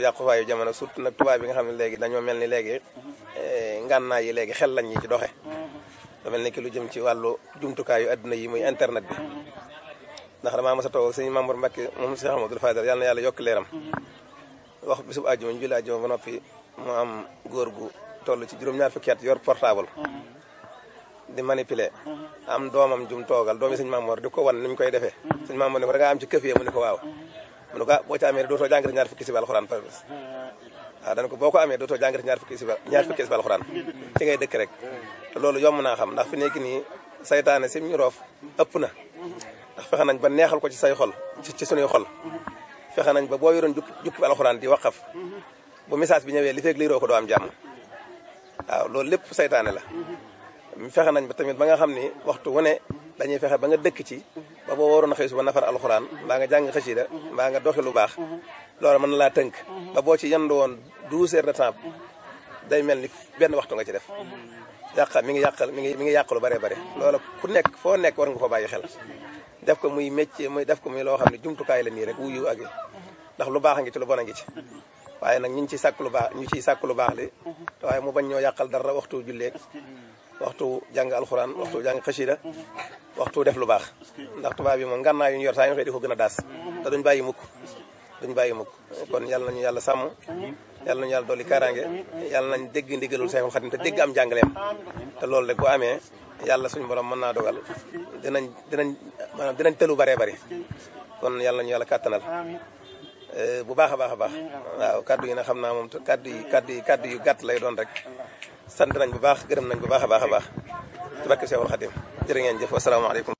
yàquwaayu jamono surtout nag tubaab bi nga xam ne léegi dañoo mel ni léegi eh, ngànnaay yi léegi xel lañ ñi ci doxe da mel ni ki lu jëm ci wàllu jumtukaayu adduna yi muy internet bi ndax damaa mos a toog sëñ Mamour moom Cheikh Amadou yàlla na yàlla yokk leeram wax ba noppi mu am góor gu toll ci juróom-ñaar fukki at yor portable di manipuler am doomam jum toogal doomi sëñ Mamour di ko wan ni koy defee sëñ Mamour ne ko da am ci këf mu ne ko waaw mu ne ko ah boo ci amee dootoo jàngati ñaar fukki si bi alxuraan waaw ah, dana ko boo ko amee dootoo jàngati ñaar fukki si ñaar fukki si bi alxuraan ci ngay dëkk rek loolu yomb naa xam ndax fi nekk nii saytaane sim ñu roof ëpp na ndax fexe nañ ba neexal ko ci say xol ci sunuy xol fexe nañ ba boo yoroon jukki jukki bi alxuraan di waqaf bu message bi ñëwee li feeg liiroo ko doo am jàmm waaw loolu lépp saytaane la fexe nañ ba tamit ba nga xam ni waxtu wu ne dañuy fexe ba nga dëkk ci dafa waroon a xëy suba nafar alxuraan mbaa nga jàng xasida mbaa nga doxi lu baax loolu mën na laa tënk ba boo ci yandu woon douze heures de temps day mel ni benn waxtu nga ci def yàqa mi ngi yàqal mi ngi mi ngi yàqalu bare bare loolu ku nekk foo nekk war nga ko bàyyi xel def ko muy métier muy def ko muy loo xam ne jumtukaay la nii rek wuyu ak ndax lu baax a ci lu bon a ngi ci waaye nag ñu ngi ciy sàkk lu baax ñu ciy sàkk lu baax li waaye mu bañ ñoo yàqal dara waxtu julleeg waxtu jàng alxuraan waxtu jàng xasida waxtu def lu baax ndax tubaab bi moom ngannaa yu ñu yor saa ñu di ko gën a daas te duñ bàyyi mukk duñ bàyyi mukk kon yàlla nañu yàlla sàmm yàlla yàlla dolli kaaraange yàlla nañ dégg ndigalul Seexul Xadim te dégg am jàngaleem te loolu rek bu amee yàlla suñu borom mën naa dogal dinañ dinañ maanaam dinañ tëlu bëree bëri kon yàlla nañu yàlla kàttanal eh, bu baax a baax a baax waaw kàddu yi nag xam naa moom kàddu yi kàddu yi yu gàtt lay doon rek sant nañ bu baax gërëm nañ bu baax a baax a baax ci barke Seexul Xadim jërë ngeen jëf wasalaamaaleykum